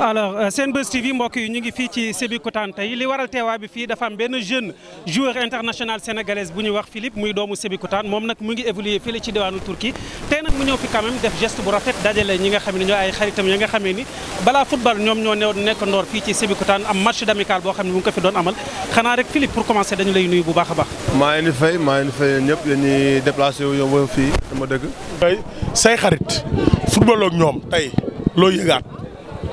alors euh, Senbuzz TV mbokk yi ñu ngi fii ci Sébikotane tey li waral teewaa bi fii dafa am benn jeune joueur international sénégalais bu ñuy wax Philippe muy doomu Sébikotane moom nag mu ngi évoluer fii la ci diwaanu Turquie tey mu ñëw fi quand def geste bu rafet dajale ñi nga xam ne ñoo ay xaritam ya nga xamee ni bala football ñoom ñoo newoon nekk ndoor fii ci Sébikotane am match d'amical boo xam ne mu ngi ko fi doon amal xanaa rek Philippe pour commencer dañu a baax maa ngi leen di fay maa ngi leen di fay yéen ñëpp yéen ñi déplacé wu xarit football ñoom tey loo yëgaat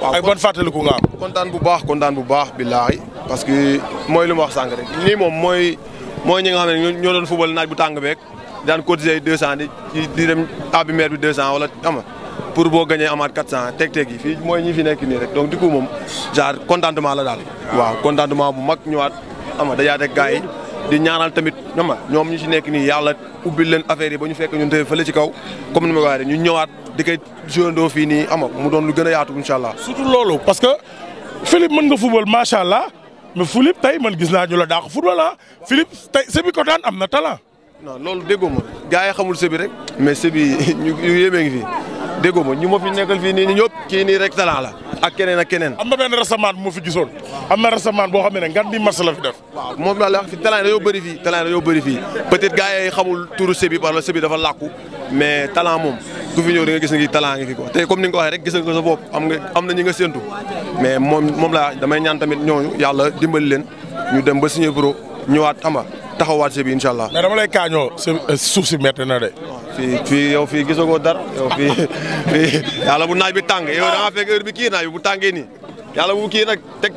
waaw ay bon fàttaliku nga am. kontaan bu baax kontaan bu baax billaahi parce que mooy lu ma wax sànq rek lii moom mooy mooy ñi nga xam ne ñoo doon fubal naaj bu tàng beeg daan cotiser deux cent di di dem abi maire bi deux cent wala ama pour boo gagné amaat quatre cent teg-teg yi fii mooy ñi fi nekk nii rek donc du coup moom genre contentement la daal. waaw contentement bu mag ñëwaat ama dajaate gars yi. di ñaanal tamit xam nga ñoom ñu ci nekk nii yàlla ubbil leen affaire yi ba ñu fekk ñun tey fële ci kaw comme ni ma ko waxee ñu ñëwaat di koy jëndoo fii nii ama mu doon lu gën a yaatu incha allah. surtout loolu parce que Philippe mën nga football macha allah mais Philippe tey man gis naa ñu la dàq football ah Philippe tey Sébikotane am na talent. non loolu déggoo ma gars yi xamul Sébi rek mais Sébi ñu ñu ngi fi déggoo ma ñu ma nekkal fii nii nii ñëpp kii nii rek talent la ak keneen ak keneen. am na benn boo xam ne ngan bi la fi def waaw moom laa la wax fi dañoo bëri fii talent dañoo bëri fii peut-être gars yi xamul turu Sébi par la Sébi dafa làkku mais talent moom ku fi ñëw da nga gis ne kii talent ngi fi quoi te comme ni nga ko waxee rek gis nga ko sa am nga am na ñi nga séntu mais moom moom laa damay ñaan tamit ñooñu yàlla dimbali leen ñu dem ba signé pro ñëwaat xam nga taxawaat Sébi incha allah. mais dama lay kaañoo suuf si métti na de. fii gisa yow dara yow fii fii yàlla bu naaj bi tàng yow da ngaa fekk heure bi kii naaj bi bu tàngee nii yàlla bu kii nag teg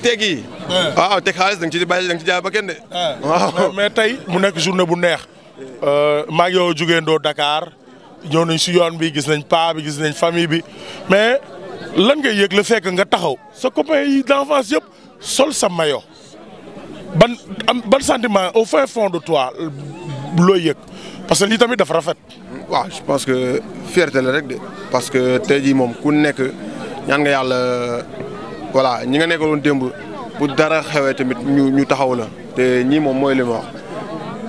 teg yi waaw ah. ah, te xaalis da nga ci bàyyi da nga jaay ba kenn de. Ah. mais tey mu nekk journée bu neex. Euh, maa ngi yow jugee ndoo Dakar ñëw nañ si yoon bi gis nañ paa bi gis nañ famille bi mais lan ngay yëg la fekk nga taxaw sa copain yi d'enfance yëpp sol samayo ban am ban sentiment au fin fond de toit looy yëg parce que lii tamit dafa rafet. waa je pense que fierté la rek de parce que tey jii moom ku nekk ñaan nga yàlla voilà ñi nga nekkaloon démb. bu dara xewee tamit ñu ñu taxaw la te ñii moom mooy li ma wax.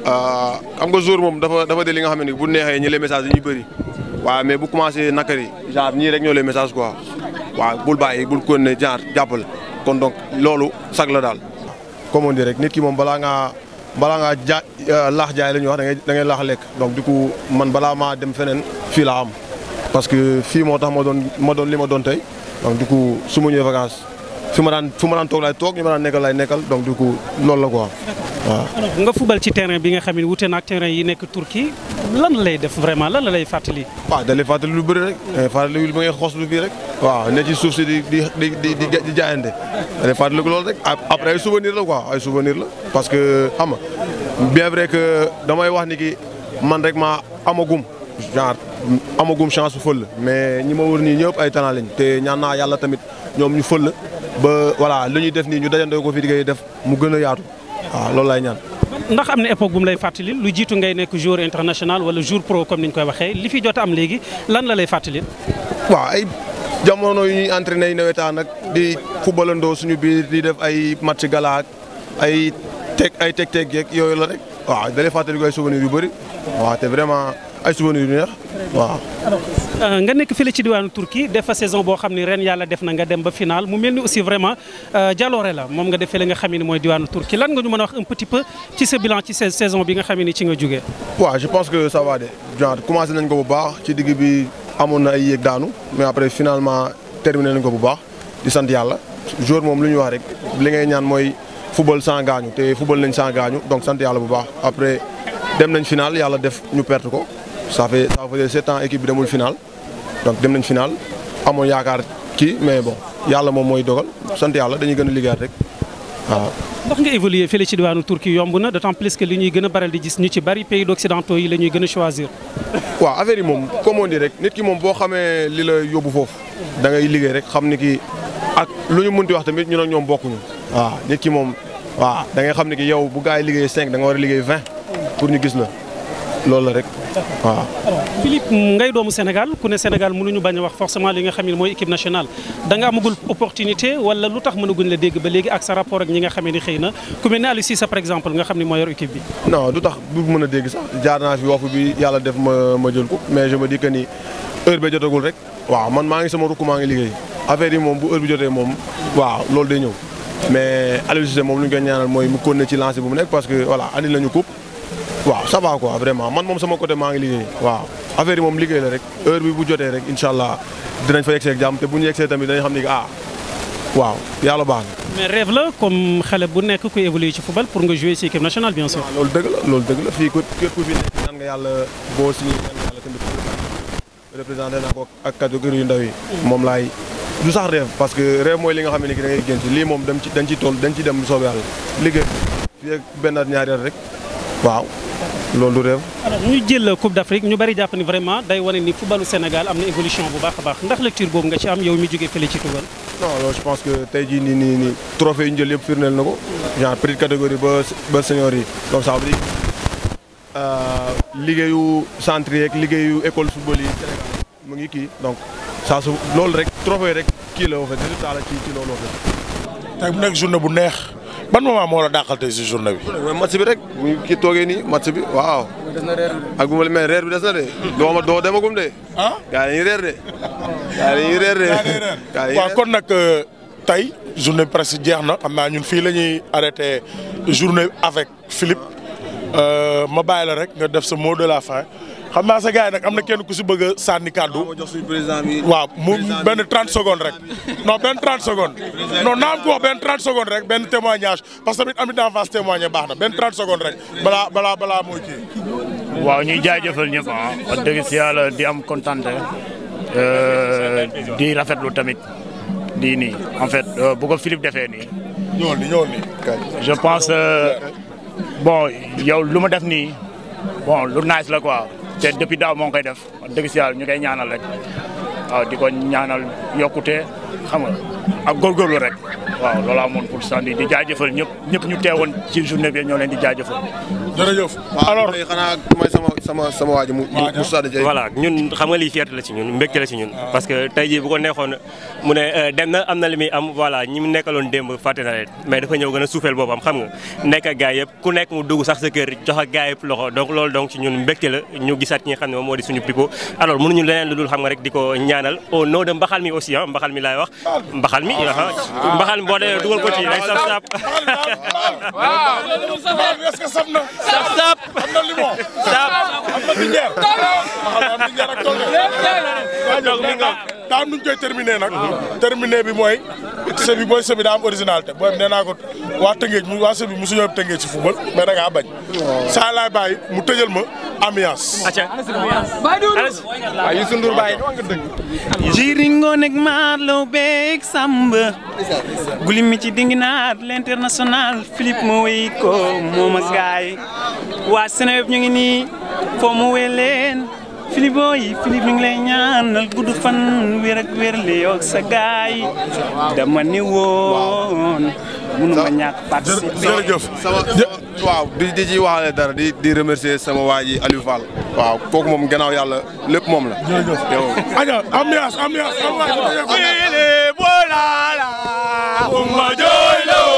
Ah, xam nga jour moom dafa dafa de li nga xam ne bu neexee ñi les messages dañuy bëri waaw mais bu commencé nakari genre ñii rek ñoo les message ko waaw bul bàyyi bul ko ne genre jàppal kon donc loolu sag la daal. comme on dit rek nit ki moom balaa ngaa balaa ngaa ja euh, laax jaay la ñuy wax da ngay da ngay laax lekk donc du coup man balaa maa dem feneen fii laa am parce que fii moo tax ma doon ma doon li ma doon tey donc du coup su ma ñëwee vacances. fi ma daan fi ma daan toog laay toog ñu ma daan nekkal laay nekkal donc du ko loolu la ko waaw. nga fubal ci terrain bi nga xam ne wute na ak yi nekk Turquie lan lay def vraiment lan la lay fàttali. waaw da lay fàttali lu bëri rek da lay fàttali ba ngay xos lu fii rek. waaw ne ci suuf si di di di di jaayante da lay fàttali loolu rek après ay souvenir la quoi ay souvenir la parce que xam nga bien vrai que damay wax ni ki man rek ma amagum. genre amagum chance su fël mais ñi ma wër nii ñëpp ay talent lañ ñaan naa yàlla tamit ñoom ñu fël ba voilà li ñuy def nii ñu dajandoo ko fi di def mu gën a yaatu waaw loolu laay ñaan. ndax am ne époque bu lay fàttali lu jiitu ngay nekk joueur international wala joueur pro comme ni ñu koy waxee li fi jot am léegi lan la lay fàttali. waaw ay jamono yu ñuy entraîné ay nawetaan nag di fubalandoo suñu biir di def ay match gala ay teg teg yooyu la rek waaw da lay ko ay souvenirs yu bëri waaw te vraiment. ay souvenirs yu neex waaw. Euh, nga nekk fële ci diwaanu Turquie def fa saison boo xam ne ren yàlla def na nga dem ba final mu mel ni aussi vraiment jaloore euh, la moom nga def fële nga xam ne mooy diwaanu Turquie lan nga ñu mën a wax un petit peu ci sa bilan ci saison bi nga xam ne ci nga jógee. waaw je pense que ça va de genre commencé nañ ko bu baax ci digg bi amoon na ay yéeg daanu mais après finalement terminé nañ ko bu baax di sant yàlla jour moom lu ñuy wax rek li ngay ñaan mooy football sans te football nañ sans gaañu donc sant yàlla bu baax après dem nañ final yàlla def ñu perte ko. ça fait ça faisait sept ans équipe bi demul final donc dem nañ final amoon yaakaar ci mais bon yàlla moom mooy dogal sant yàlla dañuy gën a liggéeyaat rek waaw. ndax nga évoluer fële ci diwaanu Turquie yomb na d'autant plus que li ñuy gën a di gis ñu ci bari pays d'occidentaux yi la ñuy gën a choisir. waaw affaire moom comme on dit rek nit ki moom boo xamee li la yóbbu foofu da ngay liggéey rek xam ni ki ak lu ñu mënti wax tamit ñu ne ñoom bokkuñu. waaw nit ki moom waaw da ngay xam ni ki yow bu gaa yi liggéeyee cinq da nga war liggéey vingt pour ñu gis la. loolu la rek waaw. Philippe ngay doomu Sénégal ku ne Sénégal ñu bañ a wax forcément li nga xam ne mooy équipe nationale da nga amagul opportunité wala lu tax mënaguñ la dégg ba léegi ak sa rapport ak ñi nga xam ni xëy na ku mel ne Aliou Cissé par exemple nga xam ne moo yor équipe bi. non du tax bu mën a dégg sax jaar naa fi woofu bi yàlla def ma ma jël ko mais je me dis que ni heure ba jotagul rek waaw man maa ngi sama rukk maa ngi liggéey affaire yi moom bu jotee moom waaw loolu ñëw mais Aliou lu ñu mooy mu continuer ci lancé bu mu nekk parce waaw ça va quoi vraiment man moom sama côté maa ngi liggéey waaw affaire yi moom liggéey la rek heure bi bu jotee rek incha allah dinañ fa yegsee ak jàmm te bu ñu yegsee tamit dañu xam ni ah waaw yàlla baax na. mais rêve la comme xale bu nekk kuy évoluer ci football pour nga jouer ci équipe nationale bien sûr. Ah, loolu dëgg la loolu dëgg la fii ku képp ku fi nekk naan nga yàlla boo si ñaan nga yàlla tamit représenté naa ko ak catégorie yu ndaw yi. moom laay du sax rêve parce que rêve mooy li nga xam ne da ngay génn ci lii moom dañ ci dañ ci toll dañ ci dem bu soobee yàlla liggéey fii ak benn at ñaari at rek waaw. loolu du réew. alors ñuy jël Coupe d'Afrique ñu bari jàpp ni vraiment day wane ni footballu Sénégal am na évolution bu baax a baax ndax lecture boobu nga ci am yow mi jógee fële ci Tugal. non loolu je pense que tey jii nii nii nii trophée yi ñu jël yëpp firndeel na ko. genre petite catégorie ba ba yi euh, liggéeyu centre yeeg liggéeyu école football yi mu ngi kii donc saa su loolu rek trophée rek kii la woo fa résultat la nekk journée bu neex. ban moment moo la dàqal tey si journée bi. match bi rek bu kii toogee nii match bi waaw. ak bu ma reer bi des na de. doo ma doo de. ah gaa reer de. gaa yi reer de gaa kon nag euh, tey journée bi presque jeex na xam naa ñun fii la ñuy arrêté journée avec Philippe euh, ma rek nga def sa mot de la fin. xam naa sa gars yi nag am na kenn ku si bëgg a sànni kàddu waaw mu benn 30 secondes rek non benn 30 secondes non naa am ko benn 30 secondes rek benn témoignage parce que tamit amit naa face baax na benn 30 secondes rek balaa balaa balaa mooy kii. waaw ñu jaajëfal ñëpp ah wax dëgg si yàlla di am kontaan eh. euh, di rafetlu tamit di nii en fait euh, bu ko Philippe defee nii. ñëwal nii je pense euh, bon yow lu ma def nii bon lu nice la quoi. te depuis daaw moo ngi koy def dëgg si yàlla ñu koy ñaanal rek a di ko ñaanal yokkute xam nga ak góorgóorlu rek waaw loolu amoon pour sandi di jaajëfal ñëpp ñëpp ñu teewoon ci journée bi ñoo leen di jaajëfal. jërëjëf. alors waaw xanaa mooy sama sama sama waa ji mu voilà ñun xam nga lii fierté la ci ñun mbégte la ci ñun. Ah. parce que tey jii bu ko neexoon euh, dem na am na li na leen a nekk mu dugg sax sa kër jox ak gaay yëpp loxo donc loolu donc ci ñun la ñu gisaat ñi nga dul xam nga rek di ko ñaanal au nom de mbaxal mi aussi ah mbaxal mi laay laay wax mbaxal mi mbaxal mi boo dugal ko ci day saf sap waaw est-ce que saf na saf sap daa am nuñ koy terminé nag. Ah. terminé bi mooy. sëb bi booy sëb bi daa am originalité booy nee naa ko waa Tëngéej mu waa sëb bi mosu ñëw Tëngéej ci football mais da ngaa bañ. saa laay bàyyi mu tëjal ma ambiance. atiwaat waaw Youssou Ndour Baye. jiringo nekk Marlo beeg Samba. guli mi ci dingi naat l'international Philippe moo wéy ko moom ak gaay waa Seneweb ñu ngi nii foo mu wéy leen. Philippe booy Philippe mi ngi lay ñaanal gudd fan wér ak wér li yoog sa gaay dama ni woon munu ma ñàkk participer jërëjëf sama waaw di di ci waxale dara di di remercier sama waa ji Aliou Fall waaw kooku moom gannaaw yàlla lépp moom la jërëjëf yow aja ambiance ambiance ambiance